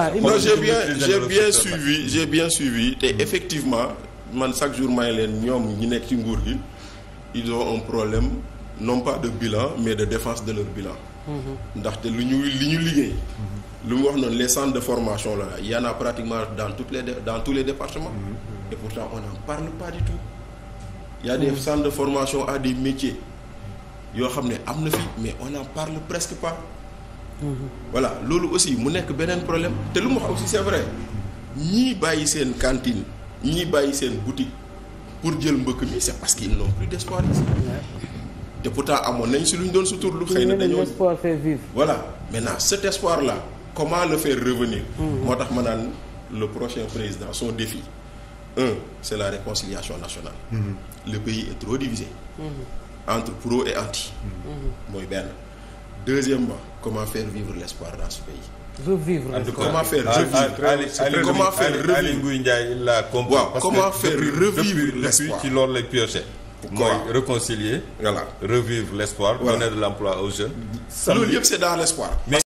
ah non j'ai bien j'ai bien suivi j'ai bien suivi te mm-hmm. effectivement man chaque jour may leen ñoom ñi nekk ci nguur gi ils ont un problème non pas de bilan mais de défense de leur bilan. Mm-hmm. ndaxte lu ñu li ñu liggéey. Mm-hmm. lu mu wax noonu les centres de formation la il y en pratiquement dans toutes les dans tous les départements. et pourtant on n'en parle pas du tout. il y a de formation à des métiers yoo xam ne am na fi mais on n'en parle presque pas. voilà loolu aussi mu nekk beneen problème te lu mu wax aussi c'est vrai ñii bàyyi seen cantine ñii bàyyi seen boutique pour jël mbëkk mi c'est parce qu'ils n'ont plus d'espoir ici te pourtant amoon nañ si lu ñu doon lu xëy na dañoo voilà maintenant cet espoir la comment le faire revenir mm-hmm. moo tax ma naan le prochain président son défi un c'est la réconciliation nationale mm-hmm. le pays est trop divisé mm-hmm. entre pro et anti mooy benn deuxièmement comment faire vivre l'espoir dans ce pays. revivre l'espoir comment faire revivre comment faire revivre Aliou comment faire revivre l'espoir ci loolu lay pioché. mooy réconcilier. voilà revivre l'espoir. donner de l'emploi aux jeunes. loolu yëpp dans l'espoir.